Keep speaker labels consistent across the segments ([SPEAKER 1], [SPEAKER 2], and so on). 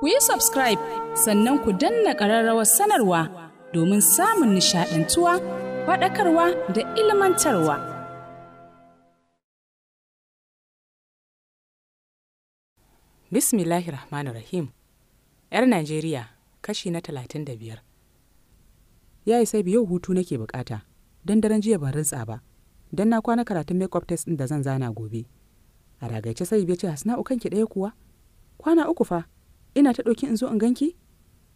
[SPEAKER 1] ku yi subscribe sannan ku danna ƙararrawar sanarwa domin samun nishaɗantuwa faɗakarwa da ilmantarwa. Bismillahir Rahmanir Rahim ‘Yar Najeriya kashi na talatin da biyar. Ya isa yau hutu nake bukata, don daren jiya ban rintsa ba, don na kwana karatun makeup test ɗin da zan zana gobe. A ragaice sai bai ce ukan ki ɗaya kuwa? Kwana uku fa, ina ta ɗauki in zo in ganki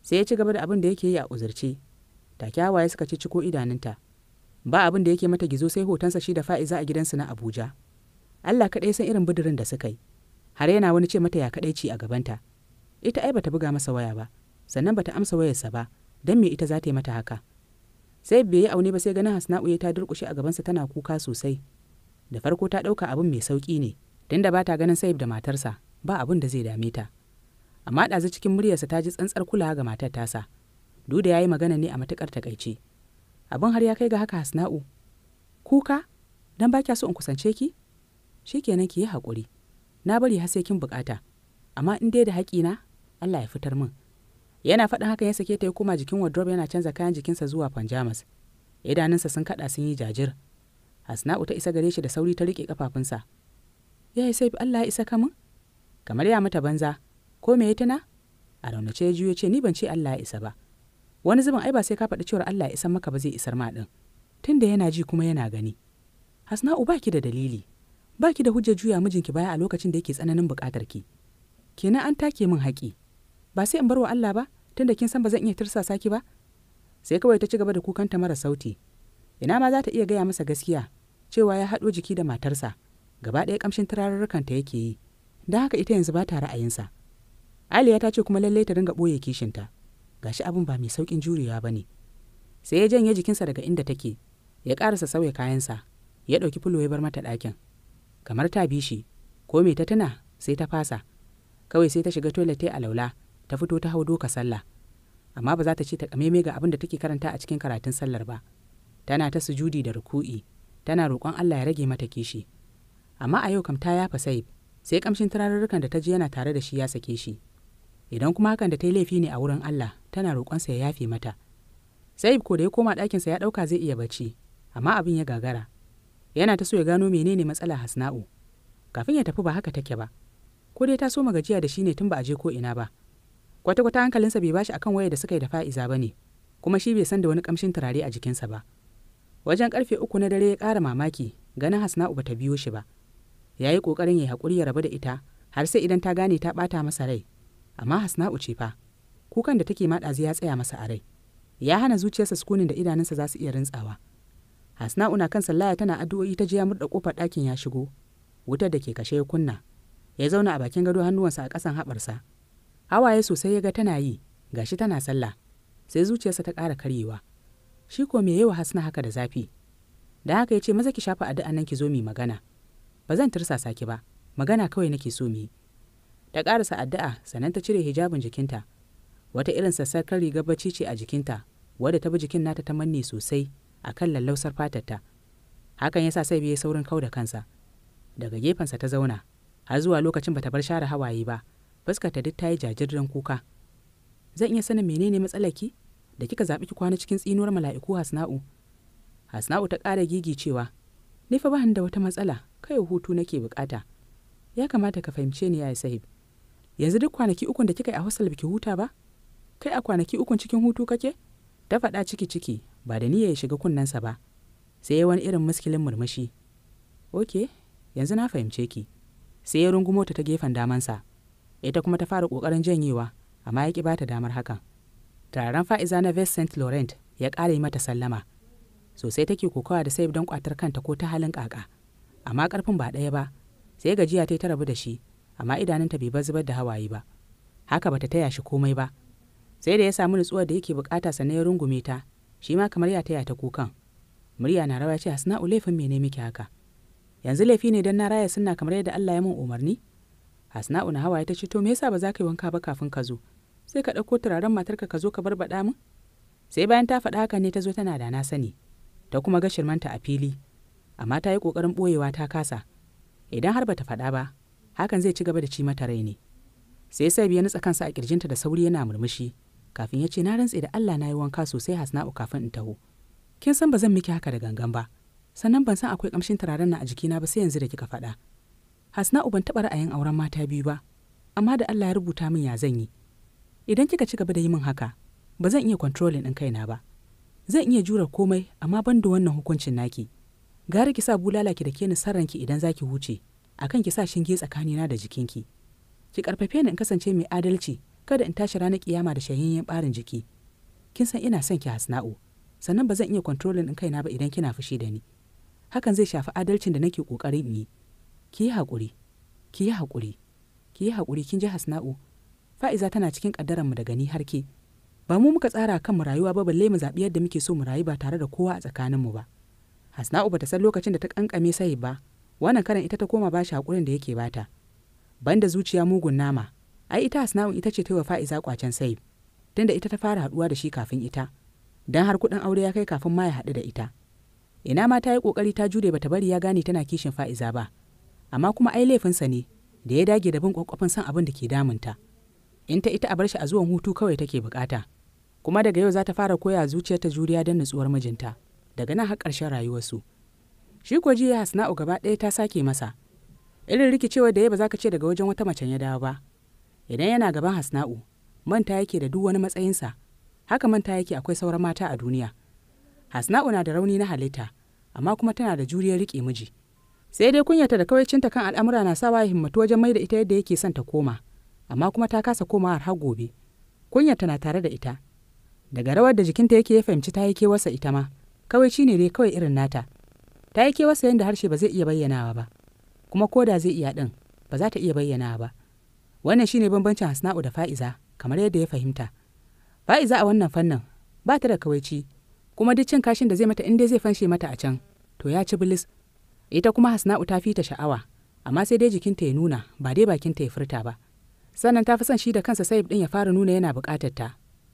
[SPEAKER 1] sai ya ci gaba da abin da yake yi a uzurce da kyawaye suka ci ciko idanunta ba abin da yake mata gizo sai hotonsa shi da fa'iza a gidansu na abuja allah kaɗai san irin bidirin da suka yi har yana wani ce mata ya kaɗai ci a gabanta ita ai bata buga masa waya ba sannan bata amsa wayarsa ba don me ita za ta yi mata haka sai bai yi aune ba sai ganin hasna'u ya ta durƙushe a gabansa tana kuka sosai da farko ta ɗauka abin mai sauƙi ne tunda ba ta ganin sayib da matarsa ba abin da zai dame ta amma ɗazu cikin muryarsa ta ji tsantsar kulawa ga matar tasa duda ya yi magana ne a matuƙar takaice abin har ya kai ga haka hasna'u kuka dan ba kya so in kusance ki shi kenan ki yi hakuri. na bari har sai kin buƙata amma in dai da haƙina Allah ya fitar min yana faɗin haka ya sake ta ya koma jikin wardrobe yana canza kayan jikinsa zuwa panjamas idanunsa sun kaɗa sun yi jajir hasna'u ta isa gare shi da sauri ta riƙe ƙafafunsa ya sai Allah ya isa kamun kamar ya mata banza ko me ya tuna a raunace ya juyo ce ni ban ce Allah ya isa ba wani zubin ai ba sai ka faɗi cewar Allah ya isar maka ba zai isar ma ɗin tunda yana ji kuma yana gani hasna'u baki da dalili baki da hujjar juya mijinki baya a lokacin da yake tsananin buƙatar ki kenan an take min haƙi ba sai in bar wa Allah ba tunda kin san ba zan iya tirsasa ki ba sai kawai ta ci gaba da kukanta mara sauti ina ma za ta iya gaya masa gaskiya cewa ya haɗo jiki da matarsa gaba ɗaya ƙamshin ta yake yi don haka ita yanzu ba ta ra'ayinsa. aliya ta ce kuma lallai ta dinga ɓoye kishinta gashi abin ba mai sauƙin jurewa ba ne sai ya janye jikinsa daga inda take ya ƙarasa sauya kayansa ya ɗauki fulo ya bar mata ɗakin kamar ta bi shi ko mai ta tuna sai ta fasa kawai sai ta shiga toilet ta alaula ta fito ta hau doka sallah amma ba za ta ce ta kameme ga abin da take karanta a cikin karatun sallar ba tana ta sujudi da ruku'i tana roƙon Allah ya rage mata kishi amma a yau kam ta yafa sai sai kamshin turarurrukan da ta ji yana tare da shi ya sake shi idan kuma hakan da ta yi laifi ne a wurin Allah tana roƙonsa ya yafe mata sai ko da ya koma ɗakinsa ya ɗauka zai iya bacci amma abin ya gagara yana ta so ya gano menene matsala hasna'u kafin ya tafi ba haka take ba ko dai ta so gajiya da shi ne tun ba a je ko ina ba kwata-kwata hankalinsa bai bashi akan wayar da suka yi da fa'iza ba ne kuma shi bai san da wani kamshin turare a jikinsa ba wajen karfe uku na dare ya ƙara mamaki ganin hasna'u bata biyo shi ba ya yi ƙoƙarin ya haƙuri ya rabu da ita har sai idan ta gane ta ɓata masa rai amma hasna'u ce fa kukan da take maɗazi ya tsaya masa a rai ya hana zuciyarsa sukunin da idanunsa za su iya rintsawa hasna'u na kan sallaya tana addu'o'i ta jiya ya murɗa ƙofar ɗakin ya shigo wutar da ke kashe ya kunna ya zauna a bakin gado hannuwansa a ƙasan haɓarsa hawaye sosai ya ga tana yi gashi tana sallah sai zuciyarsa ta ƙara karyewa shi ko me yawa hasna haka da zafi da haka ya ce maza ki shafa addu'a nan ki zo mi magana ba zan tursasa ki ba magana kawai nake so mu yi ta ƙarasa addu'a sannan ta cire hijabin jikinta wata irin sassakar rigar bacci ce a jikinta wadda ta bi jikin nata ta manne sosai a kan lallausar fatarta hakan ya sa sai bai saurin kau da kansa daga gefensa ta zauna har zuwa lokacin bata bar share hawaye ba ta duk ta yi jajirren kuka zan iya sanin menene matsalaki da kika zaɓi ki kwana cikin tsinuwar mala'iku hasna'u hasna'u ta ƙara gigi cewa ni fa ba da wata matsala kai hutu nake bukata ya kamata ka fahimce ni ya sahib yanzu duk kwanaki ukun da kika yi a hostel biki huta ba kai a kwanaki ukun cikin hutu kake ta faɗa ciki ciki ba da niyya ya shiga kunnensa ba sai ya wani irin muskilin murmushi ok yanzu na fahimce ki sai ya rungumo ta ta gefen damansa ita kuma ta fara ƙoƙarin janyewa amma ya ƙi ba damar hakan tararen fa'iza na west st laurent ya ƙara mata sallama sosai take kokawa da sai don ƙwatar kanta ko ta halin ƙaƙa amma ƙarfin ba ɗaya ba sai gajiya ta yi ta rabu da shi amma idanunta bai bar zubar da hawaye ba haka bata taya shi komai ba sai da ya samu nutsuwar da yake bukata sannan ya rungume ta shi ma kamar ya taya ta kukan murya na rawa ce hasna'u laifin mene miki haka yanzu laifi ne don na raya sunna kamar yadda Allah ya min umarni hasna'u na hawaye ta ce to me yasa ba za ka yi wanka ba kafin ka zo sai ka ɗauko turaren matar ka ka zo ka barbaɗa mu sai bayan ta faɗa haka ne ta zo tana da na sani ta kuma ga shirmanta a fili amma ta yi ƙoƙarin ɓoyewa ta kasa idan har ba ta faɗa ba hakan zai ci gaba da ci mata rai ne sai sai biya nutsa kansa a kirjinta da sauri yana murmushi kafin ya ce na rantse da Allah na yi wanka sosai hasna'u kafin in taho kin san ba zan miki haka da gangan ba sannan ban san akwai kamshin turaren na a jikina ba sai yanzu da kika faɗa hasna'u ban taɓa ra'ayin auren mata biyu ba amma da Allah ya rubuta min ya zan yi idan kika ci gaba da yi min haka ba zan iya controlling ɗin kaina ba zan iya jura komai amma ban da wannan hukuncin naki gara ki sa bulala ki da ke ni sarranki idan zaki huce a kan ki sa shinge tsakanina da jikinki ki karfafe ni in kasance mai adalci kada in tashi ranar kiyama da shayayyen barin jiki kin san ina son ki hasna'u sannan ba zan iya kontrolin in kaina ba idan kina fushi da ni hakan zai shafi adalcin da nake kokarin yi ki yi haƙuri. ki yi haƙuri. ki yi hakuri kin ji hasna'u fa'iza tana cikin kaddaran mu daga ni har ke ba mu muka tsara kan mu rayuwa ba balle mu zabi yadda muke so mu rayu ba tare da kowa a tsakanin mu ba hasna'u ba ta san lokacin da ta kankame sai ba wannan karan ita ta koma bashi haƙurin da yake bata banda zuciya mugun nama ai ita asna'u ita ce ta wa fa'iza kwacen sai tunda ita ta fara haɗuwa da shi kafin ita dan har kuɗin aure ya kai kafin ma ya haɗu da ita ina ma ta yi ƙoƙari ta jure bata bari ya gane tana kishin fa'iza ba amma kuma ai laifinsa ne da ya dage da bin ƙwaƙwafin san abin da ke damunta in ta ita a bar shi a zuwan hutu kawai take buƙata kuma daga yau za ta fara koya zuciyarta juriya don nutsuwar mijinta daga nan har ƙarshen rayuwarsu shi kuwa jiya hasna'u gaba ɗaya ta sake masa irin rikicewa da ya ba za ka ce daga wajen wata macen ya dawo ba idan yana gaban hasna'u manta yake da duk wani matsayinsa haka manta yake akwai sauran mata a duniya hasna'u na da rauni na halitta amma kuma tana da juriyar riƙe miji sai dai kunyata da kawaicinta kan al'amura na sawa ya himmatu wajen mai da ita yadda yake son ta koma amma kuma ta kasa komawa har gobe kunyata na tare da ita daga rawar da jikinta yake ya fahimci ta yi kewarsa ita ma kawai shi ne dai kawai irin nata ta yi kewarsa yadda harshe ba zai iya bayyanawa ba kuma ko da zai iya ɗin ba za ta iya bayyanawa ba wannan shine bambancin hasna'u da fa'iza kamar yadda ya fahimta fa'iza a wannan fannin ba ta da kawaici kuma duk cin kashin da zai mata in dai zai fanshe mata a can to ya ci bilis ita kuma hasna'u ta fita sha'awa amma sai dai jikinta ya nuna ba dai bakinta ya furta ba sannan ta fi son shi da kansa sai ɗin ya fara nuna yana buƙatar ta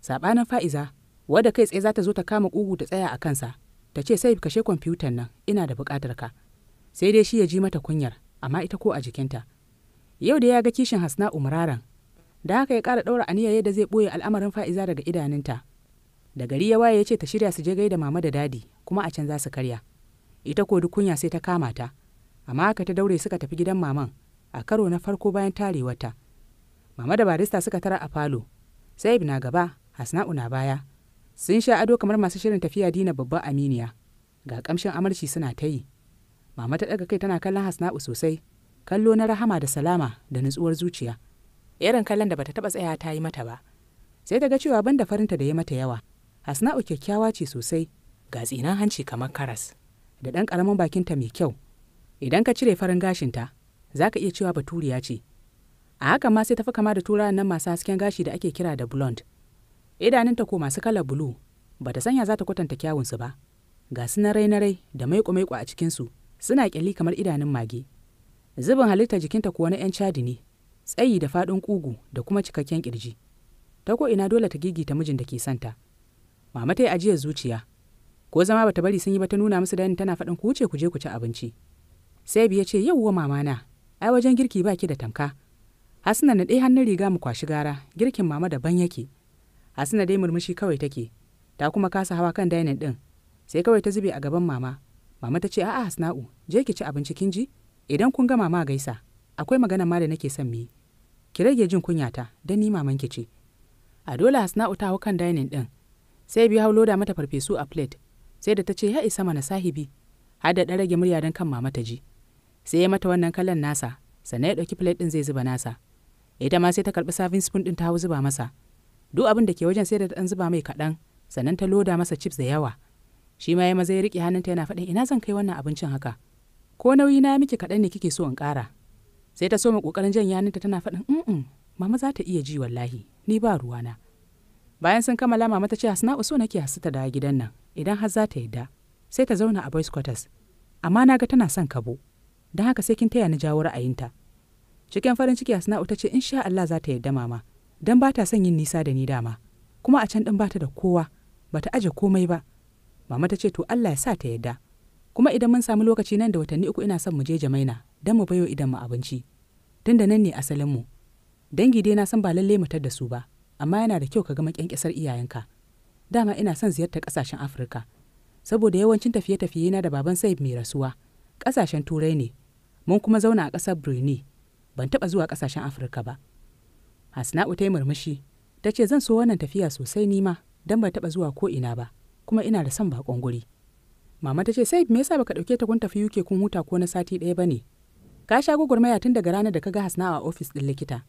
[SPEAKER 1] sabanin fa'iza wadda kai tsaye za ta zo ta kama ƙugu ta tsaya a kansa ta ce sai kashe kwamfutan nan ina da buƙatar ka sai dai shi ya ji mata kunyar amma ita ko a jikinta yau da ya ga kishin hasna umraran da haka ya ƙara ɗaura aniya yadda zai ɓoye al'amarin fa'iza daga idanunta da gari ya waye ya ce ta shirya su je gaida mama da dadi kuma a can za su karya ita ko duk kunya sai ta kama ta amma haka ta daure suka tafi gidan maman a karo na farko bayan tarewarta mama da barista suka tara a falo sai na gaba hasna'u na baya sun sha ado kamar masu shirin tafiya dina babban aminiya ga kamshin amarci suna ta yi mama ta ɗaga kai tana kallon hasna'u sosai kallo na rahama da salama da nutsuwar zuciya irin kallon da bata taɓa tsaya ta yi mata ba sai ta ga cewa ban da farinta da ya mata yawa hasna'u kyakkyawa ce sosai ga tsinan hanci kamar karas da ɗan ƙaramin bakinta mai kyau idan ka cire farin gashinta za ka iya cewa baturiya ce a hakan ma sai tafi kama da turawan nan masu hasken gashi da ake kira da blonde ta ko masu kalar bulu ba ta sanya za ta kwatanta kyawunsu ba ga su na rai da maiko-maiko a cikinsu suna kyalli kamar idanun mage zubin halitta jikinta ko na 'yan cadi ne tsayi da faɗin ƙugu da kuma cikakken ƙirji ta ko ina dole ta gigita mijin da ke santa mama ta yi ajiyar zuciya ko zama bata bari sun yi ba ta nuna musu dani tana faɗin ku ku je ku ci abinci sai biya ce yauwa mama na ai wajen girki ba ki da tamka hasina na ɗaya hannun riga mu kwashi gara girkin mama daban yake suna dai murmushi kawai take ta kuma kasa hawa kan dainin din sai kawai ta zube a gaban mama mama ta ce a'a hasna'u je ki ci abinci kin ji idan kun ga mama gaisa akwai magana ma da nake son mu ki rage jin kunyata dan ni maman ki ce a dole hasna'u ta hau kan dainin din sai biyu hau loda mata farfesu a plate sai da ta ce ya isa mana sahibi har da rage murya dan kan mama ta ji sai ya mata wannan kallon nasa sannan ya ɗauki plate ɗin zai zuba nasa ita ma sai ta karɓi serving spoon ɗin ta hau zuba masa duk abin da ke wajen sai da dan zuba mai kaɗan sannan ta loda masa chips da yawa shi ma ya maza ya riƙe hannunta yana faɗin ina zan kai wannan abincin haka ko nauyi na miki kaɗan ne kike so in ƙara sai ta so mu ƙoƙarin janye ta tana faɗin in in mama za ta iya ji wallahi ni ba ruwa na. bayan sun kammala mama ta ce hasna'u so nake hasu da gidan nan idan har za ta yadda sai ta zauna a boys quarters amma naga tana son kabo don haka sai kin taya ni jawo ra'ayinta cikin farin ciki hasna'u ta ce insha Allah za ta yadda mama don ba ta son yin nisa da ni dama kuma a can ɗin ba ta da kowa ba ta aje komai ba mama ta ce to Allah ya sa ta yadda kuma idan mun samu lokaci nan da watanni uku ina son mu je jamaina don mu bayo idan mu abinci tun da nan ne asalinmu. dangi dai na san ba lalle mu da su ba amma yana da kyau ka ga makyankyasar iyayenka dama ina son ziyartar kasashen Afirka saboda yawancin tafiye-tafiye na da baban Sa'i mai rasuwa kasashen Turai ne mun kuma zauna a ƙasar Brunei ban taɓa zuwa ƙasashen Afirka ba Hasna'u ta yi murmushi ta ce zan so wannan tafiya sosai nima don ba taɓa zuwa ko ina ba kuma ina da son bakon guri. Mama ta ce sai me yasa baka ɗauke ta kun tafi UK kun huta ko na sati ɗaya ba ne? Ka sha gwagwarmaya tun daga ranar da ka ga Hasna'u a ofis ɗin likita.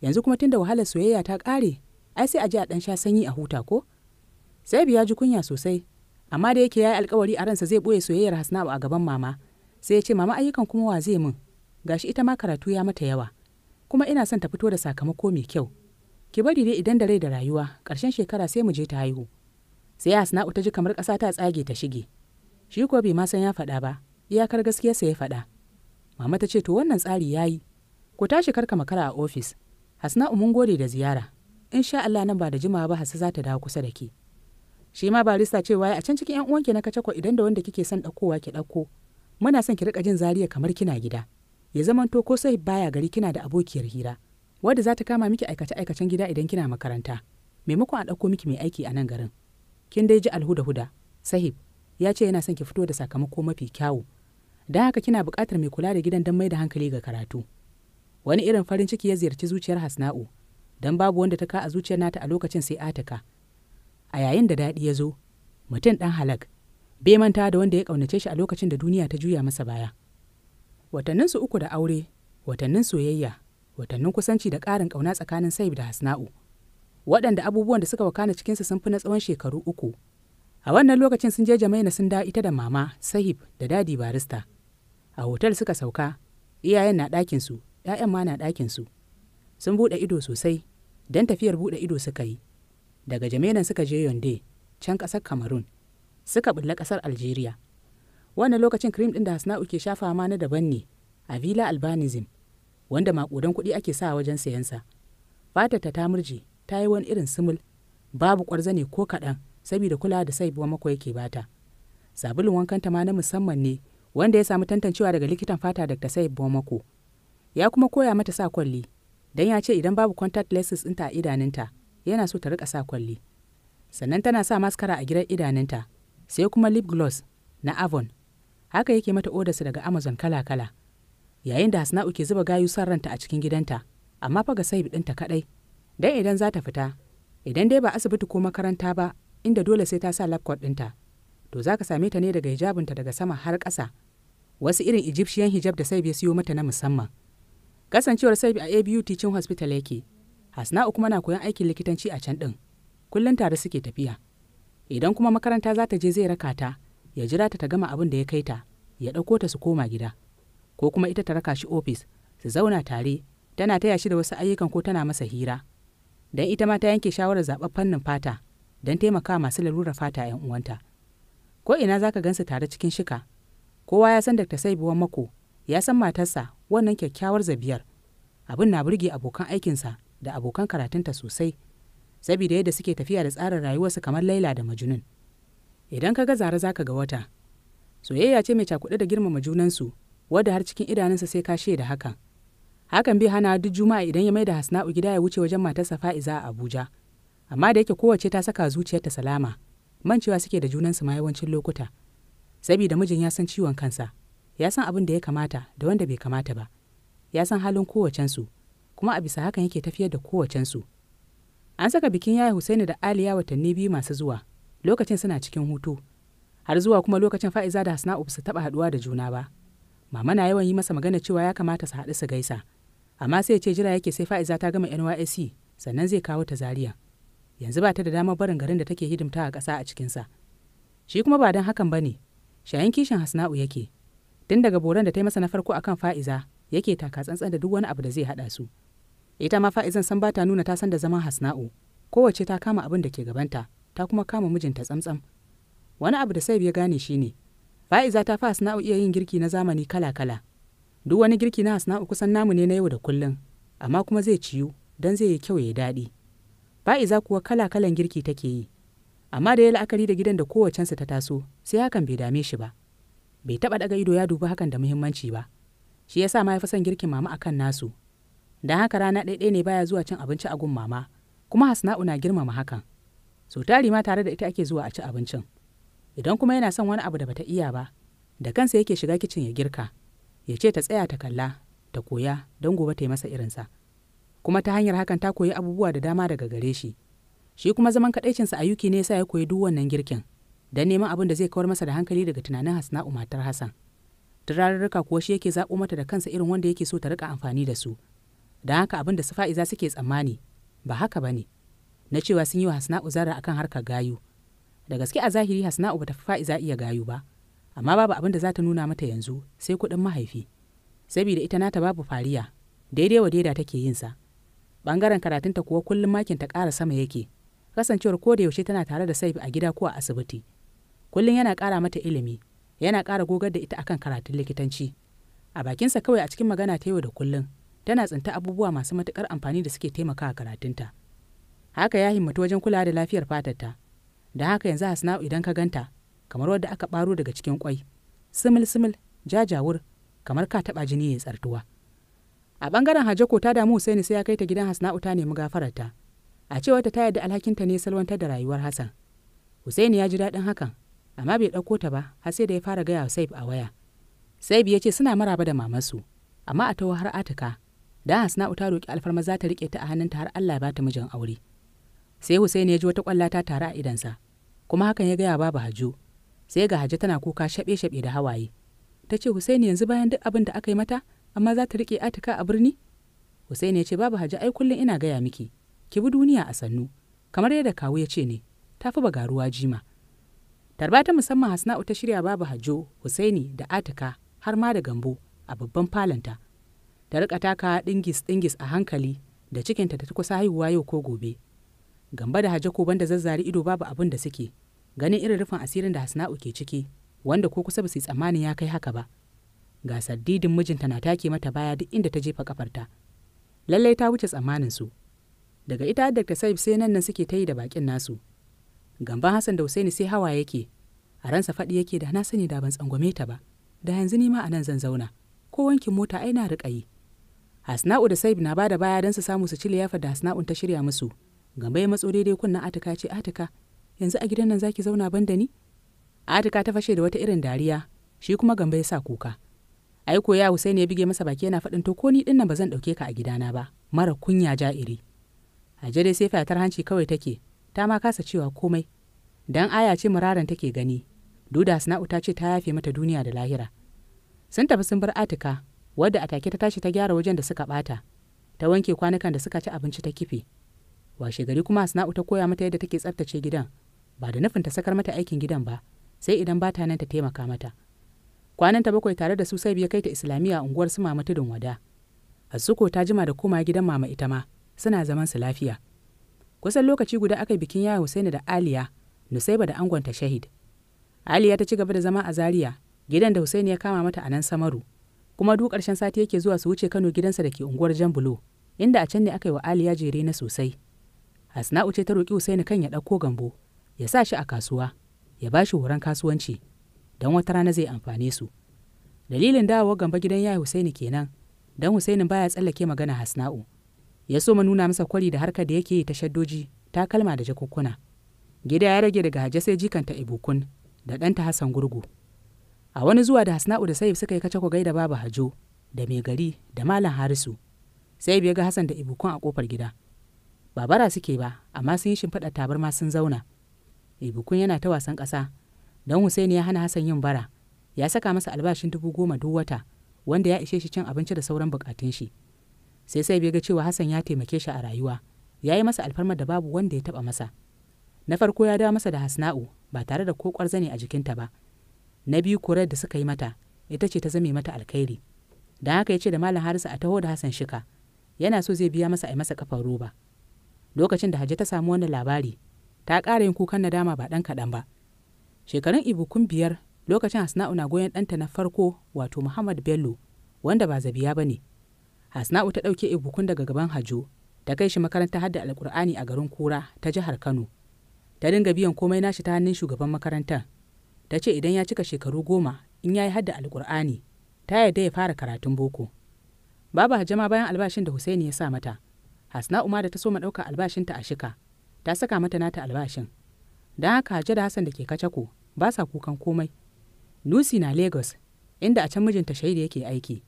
[SPEAKER 1] Yanzu kuma tun da wahalar soyayya ta ƙare ai sai a ji a ɗan sha sanyi a huta ko? Sai ya ji kunya sosai amma da yake ya yi alkawari a ransa zai ɓoye soyayyar Hasna'u a gaban mama sai ya ce mama ayyukan kuma wa zai min gashi ita ma karatu ya mata yawa kuma ina son ta fito da sakamako mai kyau ki bari dai idan da rai da rayuwa ƙarshen shekara sai mu je ta haihu sai asna'u ta ji kamar ƙasa ta tsage ta shige shi ko bai ma san ya faɗa ba iyakar gaskiyarsa ya faɗa mama ta ce to wannan tsari ya yi ku tashi karka makara a ofis hasna'u mun gode da ziyara sha Allah nan ba da jimawa ba hassa za ta dawo kusa da ke shi ma barista waye a can cikin yan uwanki na kace ko idan da wanda kike son ɗaukowa ki ɗauko muna son ki rika jin zariya kamar kina gida ya zamanto ko sai baya gari kina da abokiyar hira wadda za ta kama miki aikace aikacen gida idan kina makaranta maimakon a ɗauko miki mai aiki a nan garin kin dai ji alhuda huda sahib ya ce yana son ki fito da sakamako mafi kyawu don haka kina buƙatar mai kula da gidan don mai da hankali ga karatu wani irin farin ciki ya ziyarci zuciyar hasna'u don babu wanda ta ka a zuciyar nata a lokacin sai ataka a yayin da daɗi ya zo mutum ɗan halak bai manta da wanda ya ƙaunace shi a lokacin da duniya ta juya masa baya watanninsu uku da aure watannin soyayya watannin kusanci da ƙarin ƙauna tsakanin saib da hasna'u waɗanda abubuwan da suka wakana cikinsu sun fi na tsawon shekaru uku a wannan lokacin sun je jamaina sun da ita da mama sahib da dadi barista a hotel suka sauka iyayen na ɗakinsu ‘ya'yan ma na ɗakinsu sun buɗe ido sosai don tafiyar buɗe ido suka yi daga jamainan suka je yonde can ƙasar cameroon suka bulla ƙasar algeria wannan lokacin cream din da hasna'u ke shafa ma na daban ne a villa albanism wanda makudan kuɗi ake sa wajen sayansa fatar ta ta ta yi wani irin simul babu ne ko kaɗan saboda kula da buwa mako ke bata sabulun wankanta ma na musamman ne wanda ya samu tantancewa daga likitan fata da dr buwa mako ya kuma koya mata sa kwalli dan ya ce idan babu contact lenses ta a idaninta yana so ta rika sa kwalli sannan tana sa maskara a gidan idaninta sai kuma lip gloss na avon haka yake mata odarsa daga amazon kala-kala yayin da hasna'u ke zuba gayu son ranta a cikin gidanta amma fa ga saib ɗinta kaɗai dan idan za ta fita idan dai ba asibiti ko makaranta ba inda dole sai ta sa labkwat ɗinta to za ka same ta ne daga hijabinta daga sama har ƙasa wasu irin egyptian hijab da saib ya siyo mata na musamman kasancewar saib a abu teaching hospital yake hasna'u kuma na koyon aikin likitanci a can ɗin kullum tare suke tafiya idan kuma makaranta za ta je zai raka ta ya jira ta ta gama abin da ya kai ta ya ɗauko ta su koma gida ko kuma ita ta raka shi ofis su zauna tare tana taya shi da wasu ayyukan ko tana masa hira don ita ma ta yanke shawarar zaɓar fannin fata don taimaka masu lalurar fata 'yan uwanta ko ina za ka gansu tare cikin shika kowa ya san dakta sai buwan mako ya san matarsa wannan kyakkyawar zabiyar abin na burge abokan aikinsa da abokan karatunta sosai saboda yadda suke tafiya da tsarin rayuwarsu kamar laila da majunun idan ka ga zara zaka ga wata soyayya ce mai cakuɗe da girmama junansu wadda har cikin idanunsa sai ka da hakan hakan bai hana duk juma'a idan ya mai da hasna'u gida ya wuce wajen matarsa fa'iza a abuja amma da yake kowace ta saka zuciyarta salama cewa suke da junansu ma yawancin lokuta Sabida mijin ya san ciwon kansa ya san abin da ya kamata da wanda bai kamata ba ya san halin kowacensu kuma a bisa hakan yake tafiyar da kowacensu an saka bikin yaya husaini da aliya watanni biyu masu zuwa lokacin suna cikin hutu har zuwa kuma lokacin fa'iza da hasna su taɓa haɗuwa da juna ba mama na yawan yi masa magana cewa ya kamata su haɗu su gaisa amma sai ce jira yake sai fa'iza ta gama nysc sannan zai kawo ta zaria yanzu ba ta da damar barin garin da take hidimta a ƙasa a cikinsa shi kuma ba don hakan ba ne shayan kishin hasna'u yake tun daga boran da ta yi masa na farko kan fa'iza yake taka tsantsan da duk wani abu da zai haɗa su ita ma fa'izan san ba ta nuna ta san da zaman hasna'u kowace ta kama abin da ke gabanta ta kuma kama mijinta tsamtsam wani abu da sai ya gane shi ne fa'iza ta fa asna'u iya yin girki na zamani kala-kala duk wani girki na asna'u kusan namu ne na yau da kullum amma kuma zai ciyu don zai yi kyau ya daɗi fa'iza kuwa kala-kalan girki take yi amma da ya la'akari da gidan da kowacensu ta taso sai hakan bai dame shi ba bai taɓa ɗaga ido ya dubi hakan da muhimmanci ba shi yasa ma ya fi son girkin mama akan nasu don haka rana ɗaiɗai ne baya zuwa cin abinci a gun mama kuma hasna'u na girmama hakan so tari ma tare da ita ake zuwa a ci abincin idan kuma yana son wani abu da bata iya ba da kansa yake shiga kicin ya girka ya ce ta tsaya ta kalla ta koya don gobe ta yi masa irinsa kuma ta hanyar hakan ta koyi abubuwa da dama daga gare shi shi kuma zaman kadaicinsa a yuki ne sa ya koyi duk wannan girkin don neman abin da zai kawar masa da hankali daga tunanin hasna'u matar hassan turarurruka kuwa shi yake zaɓo mata da kansa irin wanda yake so ta rika amfani da su don haka abin da su fa'iza suke tsammani ba haka ba ne na cewa sun yi wa hasna'u zarra akan harkar gayu da gaske a zahiri hasna'u bata fi fa'iza iya gayu ba amma babu abin da za ta nuna mata yanzu sai kuɗin mahaifi saboda ita nata babu fariya daidai wa daida take yin sa bangaren karatunta kuwa kullum makin ta ƙara sama yake kasancewar ko da yaushe tana tare da saifi a gida ko a asibiti kullum yana ƙara mata ilimi yana ƙara gogar da ita akan karatun likitanci a bakinsa kawai a cikin magana ta yau da kullum tana tsinta abubuwa masu matuƙar amfani da suke taimakawa karatunta haka ya himmatu wajen kula da lafiyar fatarta da haka yanzu hasna'u idan ka ganta kamar wadda aka baro daga cikin kwai simil simil jajawur kamar ka taɓa jini ya tsartuwa a ɓangaren hajjako ta damu husaini sai ya kai ta gidan hasna'u ta nemi gafararta a cewar ta yadda alhakinta ne salwantar da rayuwar hassan husaini ya ji daɗin hakan amma bai ɗauko ta ba har sai da ya fara gaya wa saif a waya saif ya ce suna maraba da mamansu amma a tawo har atika da hasna'u ta roƙi alfarma za ta riƙe ta a hannunta har allah ya ba ta mijin aure sai Hussein ya ji wata kwalla ta tare a idansa kuma hakan ya gaya babu Hajo sai ga Hajo tana kuka shaɓe-shaɓe da hawaye ta ce Hussein yanzu bayan duk abin da aka yi mata amma za ta riƙe Atika a birni Hussein ya ce babu Hajo ai kullum ina gaya miki ki bi duniya a sannu kamar yadda kawu ya ce ne ta fi bagaruwa jima tarba ta musamman Hasna'u ta shirya babu Hajo Husaini da Atika har ma da Gambo a babban falanta ta rika taka dingis dingis a hankali da cikinta da ta kusa haihuwa yau ko gobe gamba da hajjako banda zazzari ido babu abin da suke ganin irin rufin asirin da hasna'u ke ciki wanda ko kusa ba su tsammanin ya kai haka ba ga saddidin mijinta na take mata baya duk inda ta jefa kafarta lallai ta wuce tsammanin su daga ita da saif sai nan nan suke ta yi da bakin nasu gamban hassan da husaini sai hawa yake a ransa faɗi yake da na sani da ban tsangwame ta ba da yanzu ni ma a nan zan zauna ko wankin mota ai na riƙa yi hasna'u da saif na bada baya don su samu su ci liyafar da hasna'un ta shirya musu Gambo ya matso daidai kunna Atika ce Atika yanzu a gidan nan zaki zauna ban ni? Atika ta fashe da wata irin dariya shi kuma gambe ya sa kuka. ko ya Husaini ya bige masa baki yana faɗin to ko ni dinnan ba zan ɗauke ka a gidana ba mara kunya ja'iri. a dai sai fatar hanci kawai take ta ma kasa cewa komai dan aya ce muraran take gani duda sana'u ta ce ta yafe mata duniya da lahira. Sun tafi sun bar Atika wadda a take ta tashi ta gyara wajen da suka bata ta wanke kwanukan da suka ci abinci ta kife. washe gari kuma asna'u ta koya mata yadda take tsaftace gidan ba da nufin ta sakar mata aikin gidan ba sai idan ba ta nan ta taimaka mata kwanan ta bakwai tare da su sai biya kai ta islamiyya unguwar su mama tudun wada asuko ta jima da koma gidan mama ita ma suna zaman su lafiya kusan lokaci guda aka bikin yaya husaini da aliya nusaiba da angonta shahid aliya ta ci gaba da zama a zaria gidan da husaini ya kama mata a nan samaru kuma duk ƙarshen sati yake zuwa su wuce kano gidansa da ke unguwar jan bulo inda a can ne aka yi wa aliya jere na sosai Asna'u ce ta roƙi Usaini kan ya ɗauko gambo, ya sa shi a kasuwa, ya ba shi horon kasuwanci, don wata rana zai amfane su. Dalilin dawowar gamba gidan yaya Usaini kenan, don Usaini baya tsallake magana Hasna'u. Ya so ma nuna masa kwari da harkar da yake yi ta shaddoji, takalma da jakukkuna. Gida ya rage daga Hajja sai jikanta Ibukun da ɗanta Hassan Gurgu. A wani zuwa da Hasna'u da Saif suka yi kace gaida babu Hajo da mai gari da Malam Harisu. Saif ya ga Hassan da Ibukun a kofar gida. ba bara suke ba amma sun yi shimfiɗa tabarma sun zauna ibukun eh, yana ta wasan ƙasa don Hussaini ya hana hassan yin bara ya saka masa albashin dubu goma duk wata wanda ya ishe shi cin abinci da sauran buƙatun shi sai sai bai ga cewa hassan ya taimake shi a rayuwa ya yi masa alfarmar da babu wanda ya taɓa masa na farko ya dawo masa da hasna'u ba tare da ko ƙwarzane a jikinta ba na biyu korar da suka yi mata ita ce ta zame mata alkhairi don haka ya ce da malam harisa a taho da hassan shika yana so zai biya masa a masa kafar roba lokacin da hajji ta samu wani labari ta ƙara yin kukan nadama ba ɗan kaɗan ba shekarun ibukun biyar lokacin hasna'u na goyon ɗanta na farko wato muhammad bello wanda ba zabiya ba ne hasna'u ta ɗauke ibukun daga gaban hajjo ta kai shi makarantar hadda alƙur'ani a garin kura ta jihar kano ta dinga biyan komai nashi ta hannun shugaban makarantar ta ce idan ya cika shekaru goma in ya yi hadda alƙur'ani ta yarda ya fara karatun boko babu hajama bayan albashin da husaini ya sa mata hasna umar da ta so ma albashin ta a shika ta saka mata nata albashin don haka hajja da hassan da ke kacako ba sa kukan komai lucy na lagos inda a can mijinta shaida yake aiki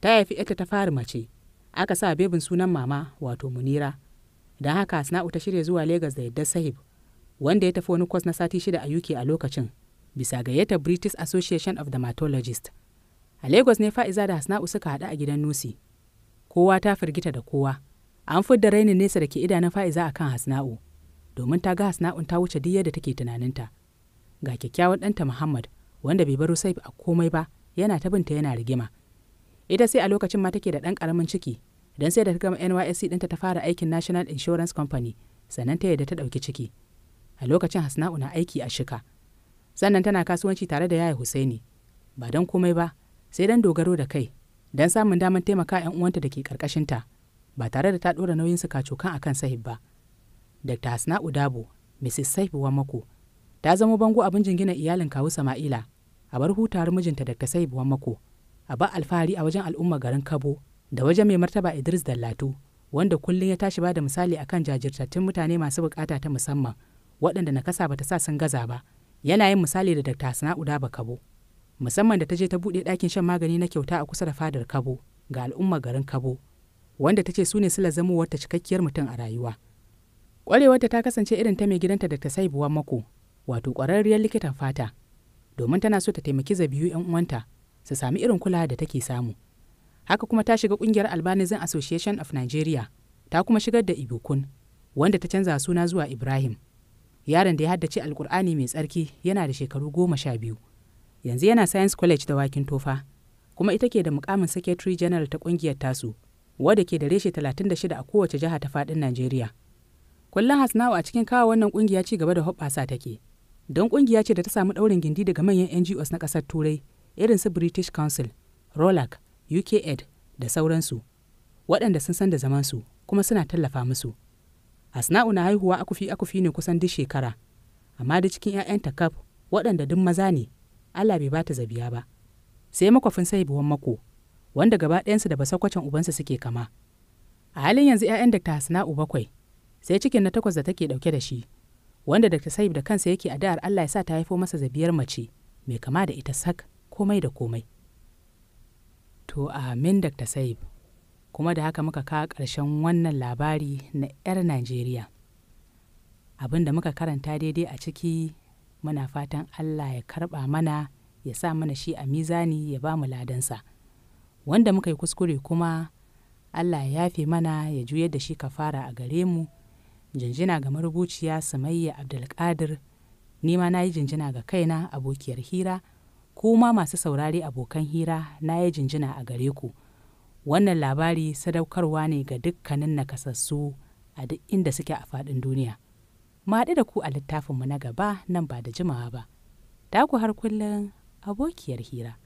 [SPEAKER 1] ta haifi ita ta fara mace aka sa bebin sunan mama wato munira don haka hasna'u ta shirya zuwa lagos da yadda sahib wanda ya tafi wani kwas na sati shida a uk a lokacin bisa gayyatar british association of dermatologists a lagos ne fa'iza da hasna'u suka haɗu a gidan nusi kowa ta firgita da kowa an fidda rainin nesa da ke idanun fa'iza a kan hasna'u domin ta ga hasna'un ta wuce duk yadda take tunaninta ga kyakkyawan ɗanta muhammad wanda bai baro saif a komai ba yana ta binta yana rigima ita sai a lokacin ma take da ɗan ƙaramin ciki don sai da ta gama nysc ɗinta ta fara aikin national insurance company sannan ta yadda ta ɗauki ciki a lokacin hasna'u na aiki a shika sannan tana kasuwanci tare da yaya husaini ba don komai ba sai don dogaro da kai don samun damar taimaka 'yan uwanta da ke ƙarƙashinta ba tare da ta ɗora nauyin su kacokan a kan sahib ba dr hasna udabo mrs sahib wamako ta zama bango abin jingina iyalin kawu sama'ila a bar hutawar mijinta dr sahib wamako a ba alfahari a wajen al'umma garin kabo da wajen mai martaba idris dallatu wanda kullum ya tashi ba da misali akan jajirtattun mutane masu bukata ta musamman waɗanda nakasa bata sa sun gaza ba yana yin misali da dr hasna Udabo kabo musamman da ta je ta buɗe ɗakin shan magani na kyauta a kusa da fadar kabo ga al'umma garin kabo wanda ta ce su ne sila zamowar ta cikakkiyar mutum a rayuwa ƙwarewarta ta kasance irin ta mai gidanta da ta sai buwan mako wato ƙwararriyar likitan fata domin tana so ta taimaki zabiyu 'yan uwanta su sami irin kula da take samu haka kuma ta shiga ƙungiyar albanism association of nigeria ta kuma shigar da ibukun wanda ta canza suna zuwa ibrahim yaron da ya haddace alkur'ani mai tsarki yana da shekaru goma sha biyu yanzu yana science college da wakin tofa kuma ita ke da mukamin secretary general ta ƙungiyar tasu wadda ke da reshe 36 a kowace jiha ta faɗin Najeriya. Kullum Hasnawa a cikin kawo wannan ƙungiya ci gaba da hoɓɓasa take. Don ƙungiya ce da ta samu ɗaurin gindi daga manyan NGOs na ƙasar Turai irin su British Council, ROLAC, UKAID da sauransu, waɗanda sun san da zamansu kuma suna tallafa musu. Hasna'u na haihuwa akufi akufi ne kusan duk shekara, amma da cikin 'ya'yanta kaf waɗanda duk maza ne, Allah bai bata zabiya ba. Sai makwafin sai buwan mako, wanda gaba ɗayansu da basakwacin ubansu suke kama a halin yanzu 'ya'yan Dr. Hasna'u bakwai sai cikin na takwas da take ɗauke da shi wanda Dr. Saib da kansa yake da'ar Allah ya sa ta haifo masa zabiyar mace mai kama da ita sak komai da komai to amin Dr. Saib kuma da haka muka kawo ƙarshen wannan labari na 'yar Najeriya abin da muka karanta daidai a ciki muna fatan Allah ya karɓa mana ya sa mana shi a mizani ya ba mu ladansa. wanda muka yi kuskure kuma allah ya yafe mana ya juyar da shi ka fara a gare mu jinjina ga marubuciya samayya abdulkadir nima na yi jinjina ga kaina abokiyar hira kuma masu saurari, abokan hira na yi jinjina a gare ku wannan labari sadaukarwa ne ga dukkanin nakasassu a duk inda suke a faɗin duniya mu da ku a littafinmu na gaba nan ba da jimawa ba. ku har kullum abokiyar hira.